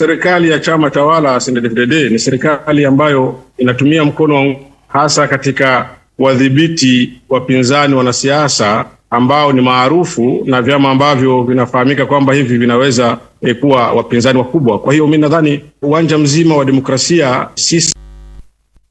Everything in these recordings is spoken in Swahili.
serikali ya chama tawala CNDD-FDD ni serikali ambayo inatumia mkono hasa katika wadhibiti wapinzani wanasiasa ambao ni maarufu na vyama ambavyo vinafahamika kwamba hivi vinaweza eh, kuwa wapinzani wakubwa. Kwa hiyo mi nadhani uwanja mzima wa demokrasia si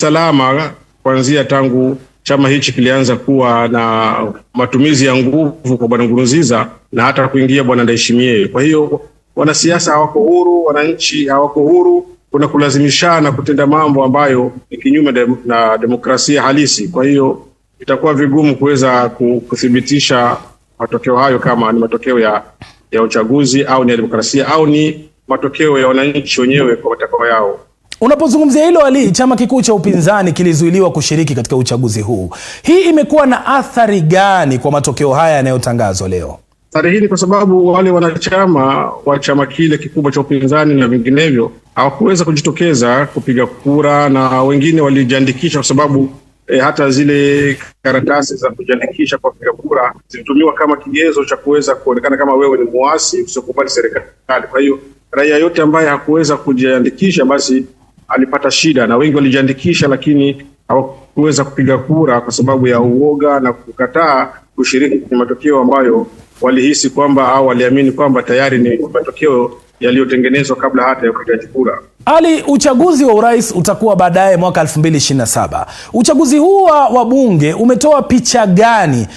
salama kuanzia tangu chama hichi kilianza kuwa na matumizi ya nguvu kwa Bwana Nkurunziza na hata kuingia Bwana Ndayishimiye. Kwa hiyo wanasiasa hawako huru, wananchi hawako huru. Kuna kulazimishana kutenda mambo ambayo ni kinyume de, na demokrasia halisi. Kwa hiyo itakuwa vigumu kuweza kuthibitisha matokeo hayo kama ni matokeo ya, ya uchaguzi au ni ya demokrasia au ni matokeo ya wananchi wenyewe kwa matakwa yao. Unapozungumzia hilo Ali, chama kikuu cha upinzani kilizuiliwa kushiriki katika uchaguzi huu. Hii imekuwa na athari gani kwa matokeo haya yanayotangazwa leo? Sare hili kwa sababu wale wanachama wa chama kile kikubwa cha upinzani na vinginevyo hawakuweza kujitokeza kupiga kura, na wengine walijiandikisha kwa sababu e, hata zile karatasi za kujiandikisha kwa kupiga kura zilitumiwa kama kigezo cha kuweza kuonekana kama wewe ni muasi usiokubali serikali. Kwa hiyo raia yote ambaye hakuweza kujiandikisha basi alipata shida, na wengi walijiandikisha lakini hawakuweza kupiga kura kwa sababu ya uoga na kukataa kushiriki kwenye matokeo ambayo walihisi kwamba au waliamini kwamba tayari ni matokeo yaliyotengenezwa kabla hata ya kupiga kura. Ali, uchaguzi wa urais utakuwa baadaye mwaka 2027. Uchaguzi huu wa bunge umetoa picha gani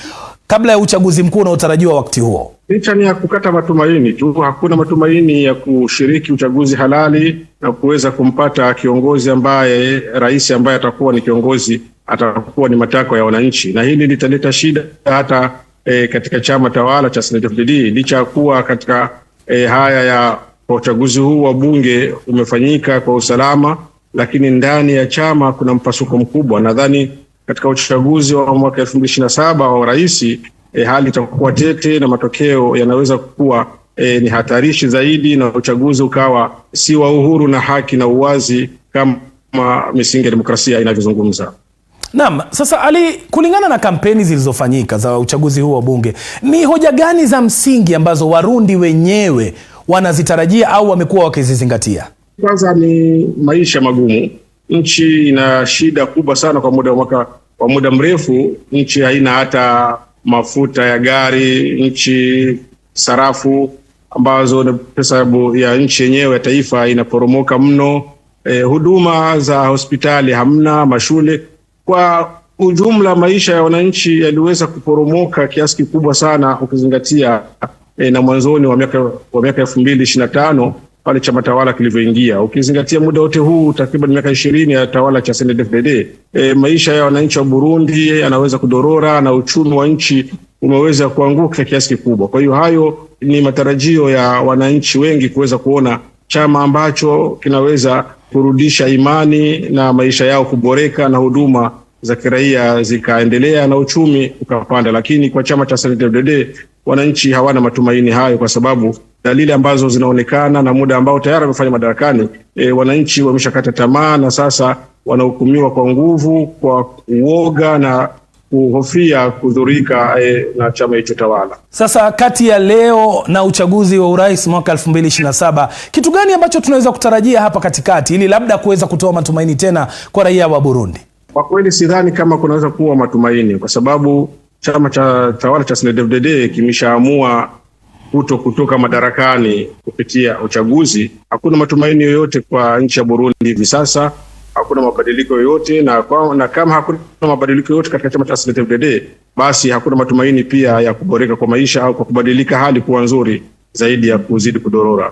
kabla ya uchaguzi mkuu unaotarajiwa wakati huo? Picha ni ya kukata matumaini tu, hakuna matumaini ya kushiriki uchaguzi halali na kuweza kumpata kiongozi ambaye rais ambaye atakuwa ni kiongozi atakuwa ni matakwa ya wananchi, na hili litaleta shida hata e, katika chama tawala cha CNDD-FDD licha ya kuwa katika e, haya ya uchaguzi huu wa bunge umefanyika kwa usalama, lakini ndani ya chama kuna mpasuko mkubwa. Nadhani katika uchaguzi wa mwaka 2027 wa rais e, hali itakuwa tete na matokeo yanaweza kuwa e, ni hatarishi zaidi na uchaguzi ukawa si wa uhuru na haki na uwazi kama misingi ya demokrasia inavyozungumza. Naam, sasa Ali, kulingana na kampeni zilizofanyika za uchaguzi huu wa Bunge, ni hoja gani za msingi ambazo Warundi wenyewe wanazitarajia au wamekuwa wakizizingatia? Kwanza ni maisha magumu. Nchi ina shida kubwa sana kwa muda mwaka kwa muda mrefu. Nchi haina hata mafuta ya gari, nchi sarafu ambazo pesa ya nchi yenyewe ya taifa inaporomoka mno. Eh, huduma za hospitali hamna, mashule. Kwa ujumla, maisha ya wananchi yaliweza kuporomoka kiasi kikubwa sana, ukizingatia eh, na mwanzoni wa miaka wa miaka elfu mbili ishirini na tano pale chama tawala kilivyoingia, ukizingatia muda wote huu takriban miaka ishirini ya tawala cha CNDD-FDD, eh, maisha ya wananchi wa Burundi yanaweza kudorora na uchumi wa nchi umeweza kuanguka kiasi kikubwa. Kwa hiyo hayo ni matarajio ya wananchi wengi kuweza kuona chama ambacho kinaweza kurudisha imani na maisha yao kuboreka na huduma za kiraia zikaendelea na uchumi ukapanda. Lakini kwa chama cha CNDD-FDD wananchi hawana matumaini hayo, kwa sababu dalili ambazo zinaonekana na muda ambao tayari wamefanya madarakani e, wananchi wameshakata tamaa na sasa wanahukumiwa kwa nguvu, kwa uoga na kuhofia kudhurika e, na chama hicho tawala. Sasa kati ya leo na uchaguzi wa urais mwaka 2027 kitu gani ambacho tunaweza kutarajia hapa katikati ili labda kuweza kutoa matumaini tena kwa raia wa Burundi? Kwa kweli sidhani kama kunaweza kuwa matumaini kwa sababu chama cha tawala cha cndd kimeshaamua kuto kutoka madarakani kupitia uchaguzi. Hakuna matumaini yoyote kwa nchi ya Burundi hivi sasa hakuna mabadiliko yoyote na, na kama hakuna mabadiliko yoyote katika chama cha CNDD-FDD basi hakuna matumaini pia ya kuboreka kwa maisha au kwa kubadilika hali kuwa nzuri zaidi ya kuzidi kudorora.